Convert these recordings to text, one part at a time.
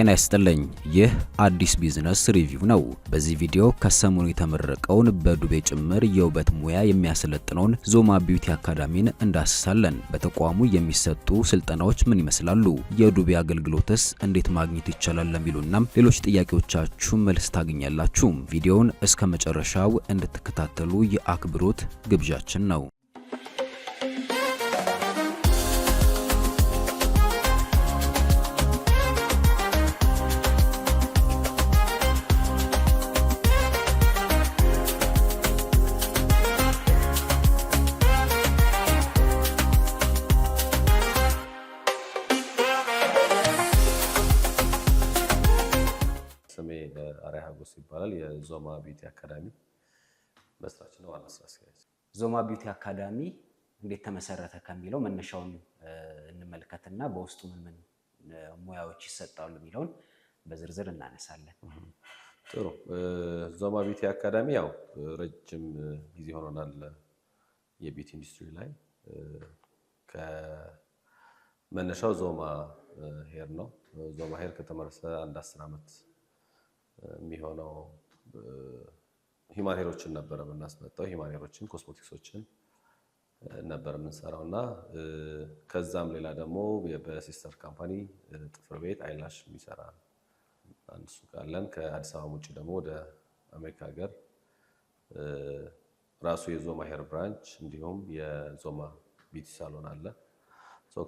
ጤና ይስጥልኝ። ይህ አዲስ ቢዝነስ ሪቪው ነው። በዚህ ቪዲዮ ከሰሞኑ የተመረቀውን በዱቤ ጭምር የውበት ሙያ የሚያሰለጥነውን ዞማ ቢዩቲ አካዳሚን እንዳስሳለን። በተቋሙ የሚሰጡ ስልጠናዎች ምን ይመስላሉ? የዱቤ አገልግሎትስ እንዴት ማግኘት ይቻላል? ለሚሉና ሌሎች ጥያቄዎቻችሁ መልስ ታገኛላችሁ። ቪዲዮውን እስከ መጨረሻው እንድትከታተሉ የአክብሮት ግብዣችን ነው። ዞማ ቢዩቲ አካዳሚ እንዴት ተመሰረተ ከሚለው መነሻውን እንመልከትና በውስጡ ምን ምን ሙያዎች ይሰጣሉ የሚለውን በዝርዝር እናነሳለን። ጥሩ። ዞማ ቢዩቲ አካዳሚ ያው ረጅም ጊዜ ሆኖናል የቢዩቲ ኢንዱስትሪ ላይ ከመነሻው ዞማ ሄር ነው። ዞማ ሄር ከተመረሰ አንድ አስር ዓመት የሚሆነው ሂማን ሄሮችን ነበረ የምናስመጣው። ሂማን ሄሮችን፣ ኮስሞቲክሶችን ነበር የምንሰራው እና ከዛም ሌላ ደግሞ በሲስተር ካምፓኒ ጥፍር ቤት አይላሽ የሚሰራ አንድ ሱቅ አለን። ከአዲስ አበባ ውጭ ደግሞ ወደ አሜሪካ ሀገር ራሱ የዞማ ሄር ብራንች እንዲሁም የዞማ ቢቲ ሳሎን አለ።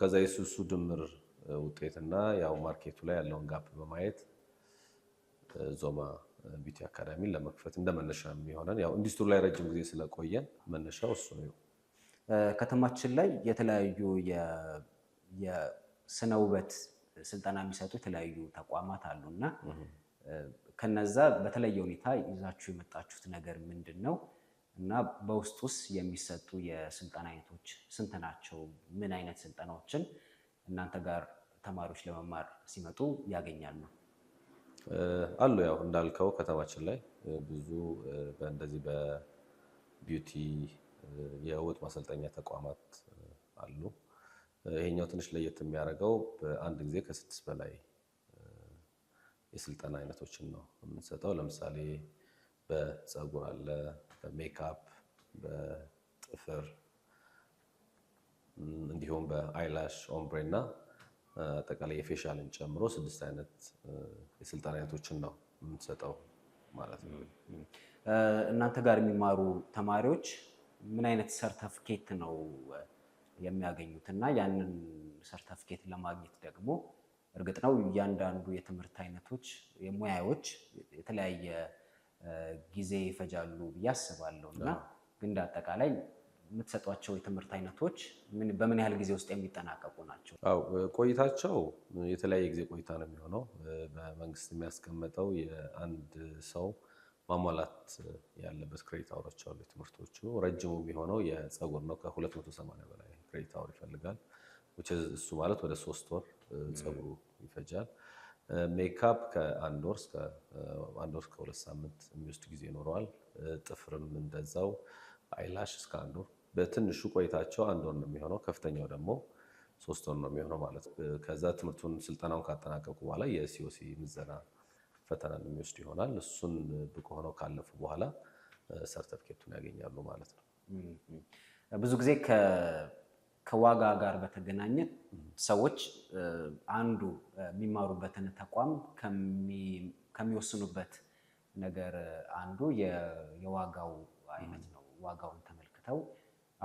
ከዛ የሱሱ ድምር ውጤትና ያው ማርኬቱ ላይ ያለውን ጋፕ በማየት ዞማ ቢቲ አካዳሚን ለመክፈት እንደ መነሻ የሚሆነን ያው ኢንዱስትሪ ላይ ረጅም ጊዜ ስለቆየን መነሻው እሱ ነው። ከተማችን ላይ የተለያዩ የስነ ውበት ስልጠና የሚሰጡ የተለያዩ ተቋማት አሉ እና ከነዛ በተለየ ሁኔታ ይዛችሁ የመጣችሁት ነገር ምንድን ነው እና በውስጥ ውስጥ የሚሰጡ የስልጠና አይነቶች ስንት ናቸው? ምን አይነት ስልጠናዎችን እናንተ ጋር ተማሪዎች ለመማር ሲመጡ ያገኛሉ? አሉ። ያው እንዳልከው ከተማችን ላይ ብዙ በእንደዚህ በቢዩቲ የውበት ማሰልጠኛ ተቋማት አሉ። ይሄኛው ትንሽ ለየት የሚያደርገው በአንድ ጊዜ ከስድስት በላይ የስልጠና አይነቶችን ነው የምንሰጠው። ለምሳሌ በፀጉር አለ፣ በሜካፕ፣ በጥፍር እንዲሁም በአይላሽ ኦምብሬ እና አጠቃላይ የፌሻልን ጨምሮ ስድስት አይነት የስልጠና አይነቶችን ነው የምትሰጠው ማለት ነው። እናንተ ጋር የሚማሩ ተማሪዎች ምን አይነት ሰርተፍኬት ነው የሚያገኙት? እና ያንን ሰርተፍኬት ለማግኘት ደግሞ እርግጥ ነው እያንዳንዱ የትምህርት አይነቶች የሙያዎች የተለያየ ጊዜ ይፈጃሉ ብዬ አስባለሁ እና ግን እንደ አጠቃላይ የምትሰጧቸው የትምህርት አይነቶች በምን ያህል ጊዜ ውስጥ የሚጠናቀቁ ናቸው? አዎ ቆይታቸው የተለያየ ጊዜ ቆይታ ነው የሚሆነው። በመንግስት የሚያስቀመጠው የአንድ ሰው ማሟላት ያለበት ክሬዲት አወሮች አሉ። ትምህርቶቹ ረጅሙ የሚሆነው የፀጉር ነው። ከ280 በላይ ክሬዲት አወር ይፈልጋል። እሱ ማለት ወደ ሶስት ወር ፀጉሩ ይፈጃል። ሜካፕ ከአንድ ወር እስከ አንድ ወር ከሁለት ሳምንት የሚወስድ ጊዜ ይኖረዋል። ጥፍርም እንደዛው አይላሽ እስከ አንድ ወር በትንሹ ቆይታቸው አንድ ወር ነው የሚሆነው፣ ከፍተኛው ደግሞ ሶስት ወር ነው የሚሆነው ማለት ነው። ከዛ ትምህርቱን ስልጠናውን ካጠናቀቁ በኋላ የሲኦሲ ምዘና ፈተና የሚወስድ ይሆናል። እሱን ብቁ ሆነው ካለፉ በኋላ ሰርተፍኬቱን ያገኛሉ ማለት ነው። ብዙ ጊዜ ከዋጋ ጋር በተገናኘ ሰዎች አንዱ የሚማሩበትን ተቋም ከሚወስኑበት ነገር አንዱ የዋጋው አይነት ነው። ዋጋውን ተመልክተው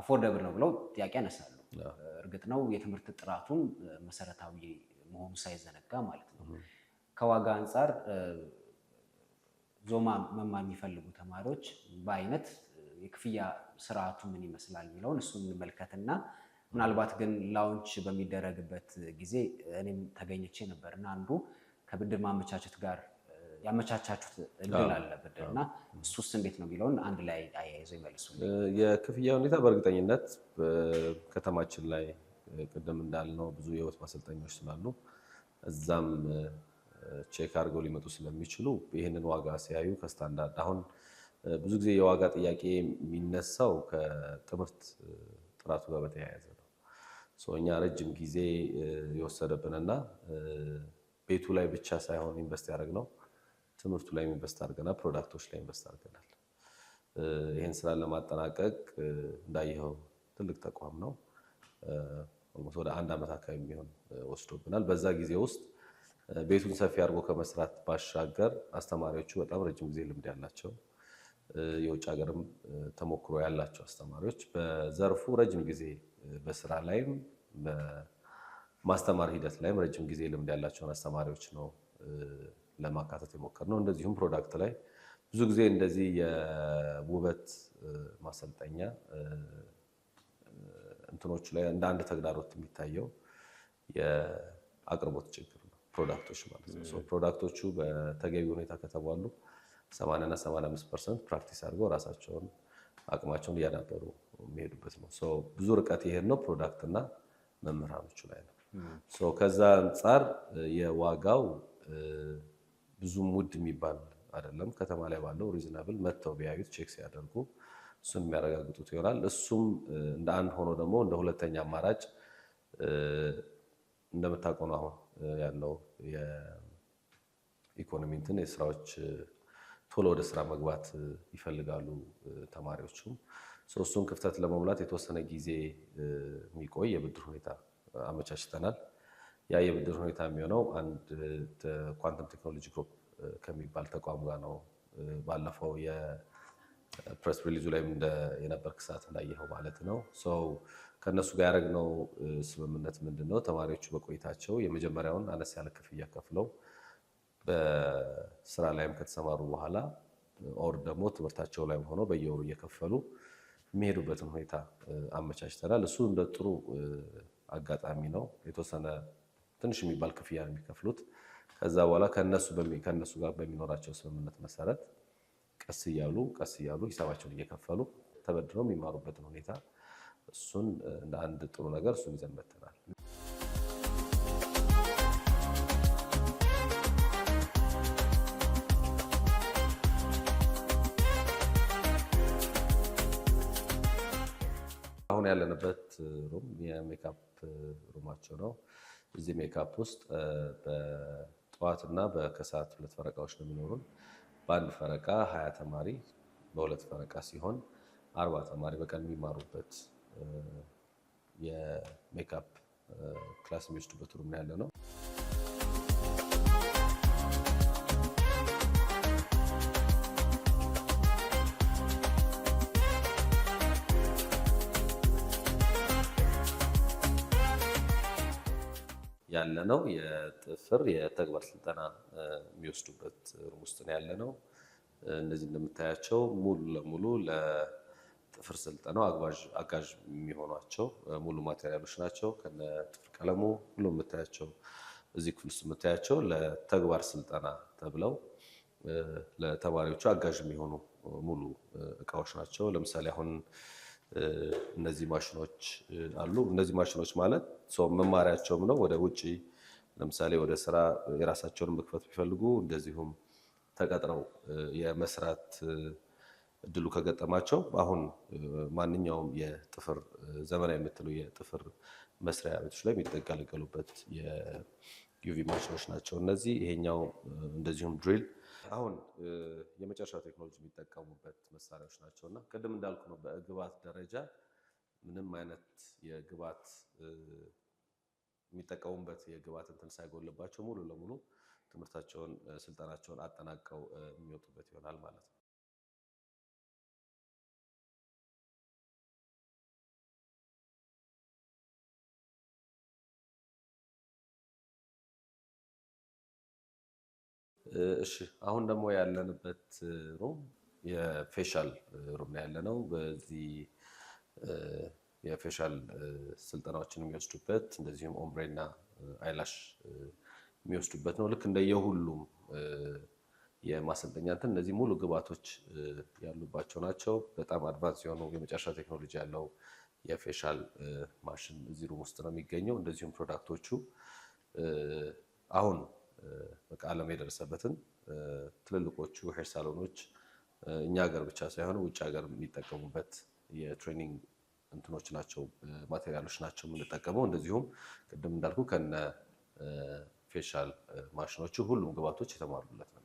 አፎርደብል ነው ብለው ጥያቄ ያነሳሉ። እርግጥ ነው የትምህርት ጥራቱም መሰረታዊ መሆኑ ሳይዘነጋ ማለት ነው። ከዋጋ አንጻር ዞማ መማር የሚፈልጉ ተማሪዎች በአይነት የክፍያ ስርዓቱ ምን ይመስላል የሚለውን እሱን እንመልከትና ምናልባት ግን ላውንች በሚደረግበት ጊዜ እኔም ተገኝቼ ነበርና አንዱ ከብድር ማመቻቸት ጋር ያመቻቻችሁት እድል አለ ብድር እና እሱስ እንዴት ነው የሚለውን አንድ ላይ አያይዘው ይመልሱ። የክፍያ ሁኔታ በእርግጠኝነት ከተማችን ላይ ቅድም እንዳልነው ብዙ የህይወት ማሰልጠኞች ስላሉ እዛም ቼክ አድርገው ሊመጡ ስለሚችሉ ይህንን ዋጋ ሲያዩ ከስታንዳርድ አሁን ብዙ ጊዜ የዋጋ ጥያቄ የሚነሳው ከትምህርት ጥራቱ ጋር በተያያዘ ነው። እኛ ረጅም ጊዜ የወሰደብንና ቤቱ ላይ ብቻ ሳይሆን ኢንቨስት ያደረግነው ትምህርቱ ላይ ኢንቨስት አድርገናል፣ ፕሮዳክቶች ላይ ኢንቨስት አድርገናል። ይህን ስራ ለማጠናቀቅ እንዳየኸው ትልቅ ተቋም ነው። ወደ አንድ ዓመት አካባቢ የሚሆን ወስዶብናል። በዛ ጊዜ ውስጥ ቤቱን ሰፊ አድርጎ ከመስራት ባሻገር አስተማሪዎቹ በጣም ረጅም ጊዜ ልምድ ያላቸው የውጭ ሀገርም ተሞክሮ ያላቸው አስተማሪዎች በዘርፉ ረጅም ጊዜ በስራ ላይም በማስተማር ሂደት ላይም ረጅም ጊዜ ልምድ ያላቸውን አስተማሪዎች ነው ለማካተት ነው። እንደዚሁም ፕሮዳክት ላይ ብዙ ጊዜ እንደዚህ የውበት ማሰልጠኛ እንትኖች ላይ እንደ አንድ ተግዳሮት የሚታየው የአቅርቦት ችግር ነው። ፕሮዳክቶች ማለት ነው። ፕሮዳክቶቹ በተገቢ ሁኔታ ከተባሉ 80 እና 85 ፐርሰንት ፕራክቲስ አድርገው ራሳቸውን አቅማቸውን እያዳበሩ የሚሄዱበት ነው። ብዙ ርቀት የሄድ ነው ፕሮዳክትና መምህራኖቹ ላይ ነው። ከዛ አንጻር የዋጋው ብዙም ውድ የሚባል አይደለም። ከተማ ላይ ባለው ሪዝናብል መጥተው ቢያዩት ቼክ ሲያደርጉ እሱን የሚያረጋግጡት ይሆናል። እሱም እንደ አንድ ሆኖ ደግሞ እንደ ሁለተኛ አማራጭ እንደምታውቀው ነው አሁን ያለው የኢኮኖሚ እንትን የስራዎች ቶሎ ወደ ስራ መግባት ይፈልጋሉ ተማሪዎቹም። እሱን ክፍተት ለመሙላት የተወሰነ ጊዜ የሚቆይ የብድር ሁኔታ አመቻችተናል። ያ የብድር ሁኔታ የሚሆነው አንድ ኳንተም ቴክኖሎጂ ግሩፕ ከሚባል ተቋም ጋር ነው። ባለፈው የፕሬስ ሪሊዙ ላይም የነበር ክሳት እንዳየኸው ማለት ነው። ሰው ከእነሱ ጋር ያደረግነው ስምምነት ምንድን ነው? ተማሪዎቹ በቆይታቸው የመጀመሪያውን አነስ ያለ ክፍያ ከፍለው በስራ ላይም ከተሰማሩ በኋላ ኦር ደግሞ ትምህርታቸው ላይም ሆኖ በየወሩ እየከፈሉ የሚሄዱበትን ሁኔታ አመቻችተናል። እሱ እንደ ጥሩ አጋጣሚ ነው የተወሰነ ትንሽ የሚባል ክፍያ ነው የሚከፍሉት። ከዛ በኋላ ከእነሱ ጋር በሚኖራቸው ስምምነት መሰረት ቀስ እያሉ ቀስ እያሉ ሂሳባቸውን እየከፈሉ ተበድረው የሚማሩበትን ሁኔታ እሱን እንደ አንድ ጥሩ ነገር እሱን ይዘን መጥተናል። አሁን ያለንበት ሩም የሜካፕ ሩማቸው ነው። እዚህ ሜካፕ ውስጥ በጠዋት እና በከሰዓት ሁለት ፈረቃዎች ነው የሚኖሩን። በአንድ ፈረቃ ሀያ ተማሪ በሁለት ፈረቃ ሲሆን አርባ ተማሪ በቀን የሚማሩበት የሜካፕ ክላስ የሚወስዱበት ሩም ያለ ነው። ያለ ነው። የጥፍር የተግባር ስልጠና የሚወስዱበት ሩም ውስጥ ነው ያለ ነው። እነዚህ እንደምታያቸው ሙሉ ለሙሉ ለጥፍር ስልጠናው አጋዥ የሚሆኗቸው ሙሉ ማቴሪያሎች ናቸው። ከነ ጥፍር ቀለሙ ሁሉ የምታያቸው እዚህ ክፍል ውስጥ የምታያቸው ለተግባር ስልጠና ተብለው ለተማሪዎቹ አጋዥ የሚሆኑ ሙሉ እቃዎች ናቸው። ለምሳሌ አሁን እነዚህ ማሽኖች አሉ። እነዚህ ማሽኖች ማለት ሰው መማሪያቸውም ነው። ወደ ውጭ ለምሳሌ ወደ ስራ የራሳቸውን መክፈት ቢፈልጉ እንደዚሁም ተቀጥረው የመስራት እድሉ ከገጠማቸው አሁን ማንኛውም የጥፍር ዘመናዊ የምትሉ የጥፍር መስሪያ ቤቶች ላይ የሚጠቀለቀሉበት የዩቪ ማሽኖች ናቸው እነዚህ። ይሄኛው እንደዚሁም ድሪል አሁን የመጨረሻ ቴክኖሎጂ የሚጠቀሙበት መሳሪያዎች ናቸው እና ቅድም እንዳልኩ ነው በግብዓት ደረጃ ምንም አይነት የግብዓት የሚጠቀሙበት የግብዓት እንትን ሳይጎልባቸው ሙሉ ለሙሉ ትምህርታቸውን ስልጠናቸውን አጠናቀው የሚወጡበት ይሆናል ማለት ነው። እሺ አሁን ደግሞ ያለንበት ሩም የፌሻል ሩም ነው ያለነው። በዚህ የፌሻል ስልጠናዎችን የሚወስዱበት እንደዚሁም ኦምብሬና አይላሽ የሚወስዱበት ነው። ልክ እንደየሁሉም የማሰልጠኛ እንትን እነዚህ ሙሉ ግብዓቶች ያሉባቸው ናቸው። በጣም አድቫንስ የሆኑ የመጨረሻ ቴክኖሎጂ ያለው የፌሻል ማሽን እዚህ ሩም ውስጥ ነው የሚገኘው። እንደዚሁም ፕሮዳክቶቹ አሁን በቃ ዓለም የደረሰበትን ትልልቆቹ ሄር ሳሎኖች እኛ ሀገር ብቻ ሳይሆን ውጭ ሀገር የሚጠቀሙበት የትሬኒንግ እንትኖች ናቸው፣ ማቴሪያሎች ናቸው የምንጠቀመው። እንደዚሁም ቅድም እንዳልኩ ከነ ፌሻል ማሽኖቹ ሁሉም ግብአቶች የተሟሉለት ነው።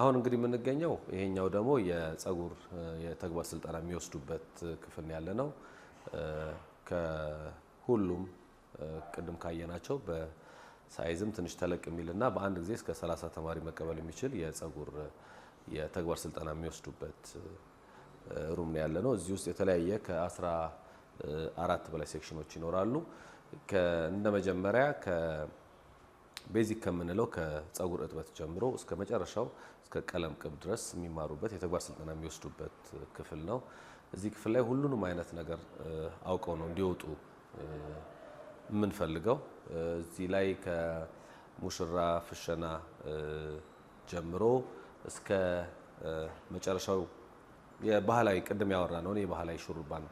አሁን እንግዲህ የምንገኘው ይሄኛው ደግሞ የጸጉር የተግባር ስልጠና የሚወስዱበት ክፍል ያለ ነው። ከሁሉም ቅድም ካየናቸው በሳይዝም ትንሽ ተለቅ የሚልና በአንድ ጊዜ እስከ 30 ተማሪ መቀበል የሚችል የጸጉር የተግባር ስልጠና የሚወስዱበት ሩም ነው ያለ ነው። እዚህ ውስጥ የተለያየ ከአስራ አራት በላይ ሴክሽኖች ይኖራሉ። እንደ መጀመሪያ ቤዚክ ከምንለው ከፀጉር እጥበት ጀምሮ እስከ መጨረሻው እስከ ቀለም ቅብ ድረስ የሚማሩበት የተግባር ስልጠና የሚወስዱበት ክፍል ነው። እዚህ ክፍል ላይ ሁሉንም አይነት ነገር አውቀው ነው እንዲወጡ የምንፈልገው። እዚህ ላይ ከሙሽራ ፍሸና ጀምሮ እስከ መጨረሻው የባህላዊ ቅድም ያወራ ነውን የባህላዊ ሹሩባን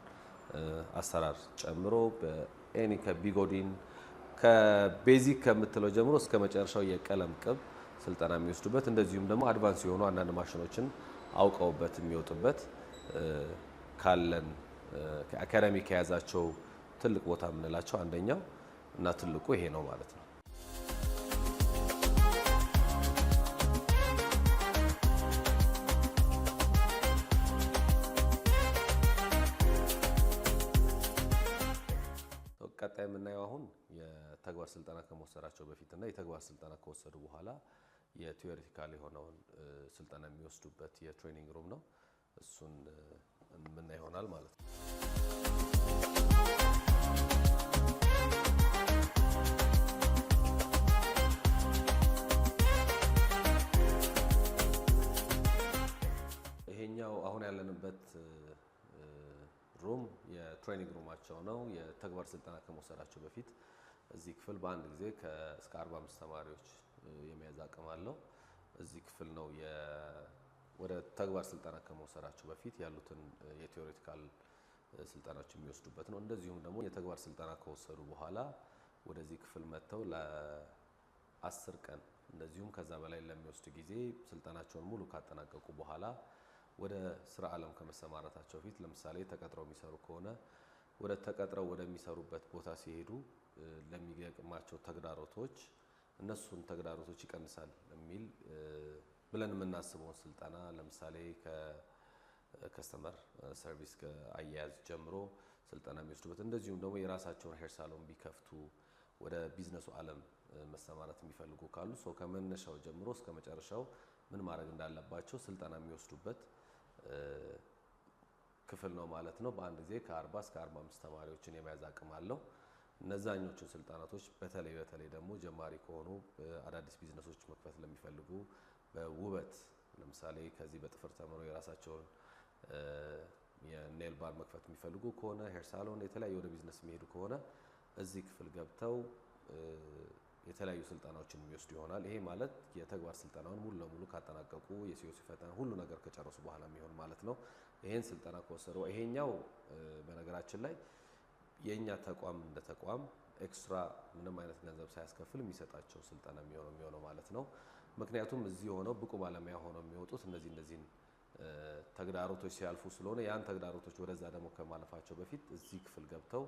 አሰራር ጨምሮ በኤኒ ከቢጎዲን ከቤዚክ ከምትለው ጀምሮ እስከ መጨረሻው የቀለም ቅብ ስልጠና የሚወስዱበት እንደዚሁም ደግሞ አድቫንስ የሆኑ አንዳንድ ማሽኖችን አውቀውበት የሚወጡበት ካለን አካዳሚ ከያዛቸው ትልቅ ቦታ የምንላቸው አንደኛው እና ትልቁ ይሄ ነው ማለት ነው። ቀጣይ የምናየው አሁን ተግባር ስልጠና ከመወሰዳቸው በፊትና የተግባር ስልጠና ከወሰዱ በኋላ የቲዎሪቲካል የሆነውን ስልጠና የሚወስዱበት የትሬኒንግ ሩም ነው። እሱን ምና ይሆናል ማለት ነው። ይሄኛው አሁን ያለንበት ሩም የትሬኒንግ ሩማቸው ነው። የተግባር ስልጠና ከመውሰዳቸው በፊት እዚህ ክፍል በአንድ ጊዜ እስከ 45 ተማሪዎች የመያዝ አቅም አለው። እዚህ ክፍል ነው ወደ ተግባር ስልጠና ከመውሰዳቸው በፊት ያሉትን የቴዎሬቲካል ስልጠናዎች የሚወስዱበት ነው። እንደዚሁም ደግሞ የተግባር ስልጠና ከወሰዱ በኋላ ወደዚህ ክፍል መጥተው ለአስር ቀን እንደዚሁም ከዛ በላይ ለሚወስድ ጊዜ ስልጠናቸውን ሙሉ ካጠናቀቁ በኋላ ወደ ስራ ዓለም ከመሰማራታቸው በፊት ለምሳሌ ተቀጥረው የሚሰሩ ከሆነ ወደ ተቀጥረው ወደሚሰሩበት ቦታ ሲሄዱ ለሚገጥማቸው ተግዳሮቶች እነሱን ተግዳሮቶች ይቀንሳል የሚል ብለን የምናስበውን ስልጠና ለምሳሌ ከከስተመር ሰርቪስ አያያዝ ጀምሮ ስልጠና የሚወስዱበት እንደዚሁም ደግሞ የራሳቸውን ሄር ሳሎን ቢከፍቱ ወደ ቢዝነሱ ዓለም መሰማራት የሚፈልጉ ካሉ ሰው ከመነሻው ጀምሮ እስከ መጨረሻው ምን ማድረግ እንዳለባቸው ስልጠና የሚወስዱበት ክፍል ነው ማለት ነው። በአንድ ጊዜ ከ40 እስከ 45 ተማሪዎችን የመያዝ አቅም አለው። እነዛኞቹን ስልጠናቶች በተለይ በተለይ ደግሞ ጀማሪ ከሆኑ አዳዲስ ቢዝነሶች መክፈት ለሚፈልጉ በውበት ለምሳሌ ከዚህ በጥፍር ተምረው የራሳቸውን የኔል ባር መክፈት የሚፈልጉ ከሆነ ሄር ሳሎን፣ የተለያዩ ወደ ቢዝነስ የሚሄዱ ከሆነ እዚህ ክፍል ገብተው የተለያዩ ስልጠናዎችን የሚወስዱ ይሆናል። ይሄ ማለት የተግባር ስልጠናውን ሙሉ ለሙሉ ካጠናቀቁ የሲዮሲ ፈተና ሁሉ ነገር ከጨረሱ በኋላ የሚሆን ማለት ነው። ይሄን ስልጠና ከወሰደው ይሄኛው በነገራችን ላይ የእኛ ተቋም እንደ ተቋም ኤክስትራ ምንም አይነት ገንዘብ ሳያስከፍል የሚሰጣቸው ስልጠና የሚሆነው የሚሆነው ማለት ነው። ምክንያቱም እዚህ ሆነው ብቁ ባለሙያ ሆነው የሚወጡት እነዚህ እነዚህን ተግዳሮቶች ሲያልፉ ስለሆነ ያን ተግዳሮቶች ወደዛ ደግሞ ከማለፋቸው በፊት እዚህ ክፍል ገብተው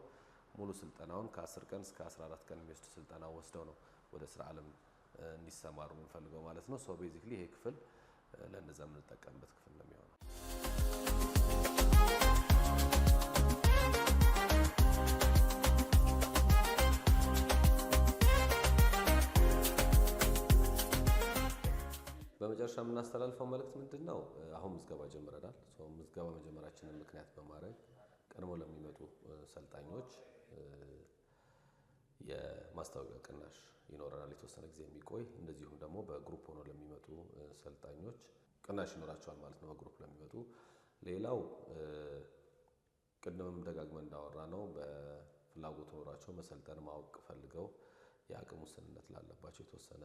ሙሉ ስልጠናውን ከ10 ቀን እስከ 14 ቀን የሚወስድ ስልጠና ወስደው ነው ወደ ስራ ዓለም እንዲሰማሩ የምንፈልገው ማለት ነው። ሶ ቤዚክሊ ይሄ ክፍል ለእነዛ የምንጠቀምበት ክፍል ነው የሚሆነው። መጨረሻ የምናስተላልፈው መልእክት ምንድን ነው? አሁን ምዝገባ ጀምረናል። ምዝገባ መጀመራችንን ምክንያት በማድረግ ቀድሞ ለሚመጡ ሰልጣኞች የማስታወቂያ ቅናሽ ይኖረናል፣ የተወሰነ ጊዜ የሚቆይ እንደዚሁም ደግሞ በግሩፕ ሆኖ ለሚመጡ ሰልጣኞች ቅናሽ ይኖራቸዋል ማለት ነው፣ በግሩፕ ለሚመጡ። ሌላው ቅድምም ደጋግመን እንዳወራ ነው፣ በፍላጎት ኖሯቸው መሰልጠን ማወቅ ፈልገው የአቅም ውስንነት ላለባቸው የተወሰነ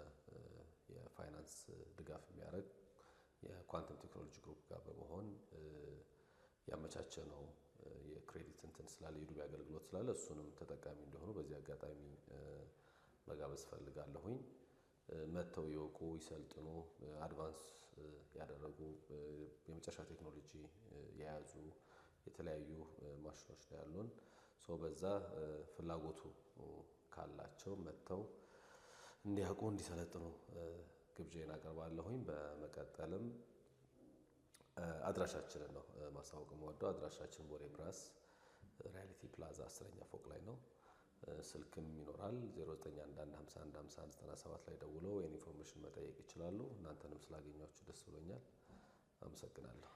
የፋይናንስ ድጋፍ የሚያደርግ የኳንተም ቴክኖሎጂ ግሩፕ ጋር በመሆን ያመቻቸ ነው የክሬዲት እንትን ስላለ የዱቤ አገልግሎት ስላለ እሱንም ተጠቃሚ እንደሆኑ በዚህ አጋጣሚ መጋበዝ ፈልጋለሁኝ። መጥተው ይወቁ፣ ይሰልጥኑ። አድቫንስ ያደረጉ የመጨረሻ ቴክኖሎጂ የያዙ የተለያዩ ማሽኖች ነው ያሉን። ሰው በዛ ፍላጎቱ ካላቸው መጥተው እንዲያውቁ እንዲሰለጥኑ ግብዣን አቀርባለሁኝ። በመቀጠልም አድራሻችንን ነው ማስታወቅ የምወደው። አድራሻችን ቦሌ ብራስ ሪያሊቲ ፕላዛ አስረኛ ፎቅ ላይ ነው። ስልክም ይኖራል 0911515197 ላይ ደውለው ይህን ኢንፎርሜሽን መጠየቅ ይችላሉ። እናንተንም ስላገኛችሁ ደስ ብሎኛል። አመሰግናለሁ።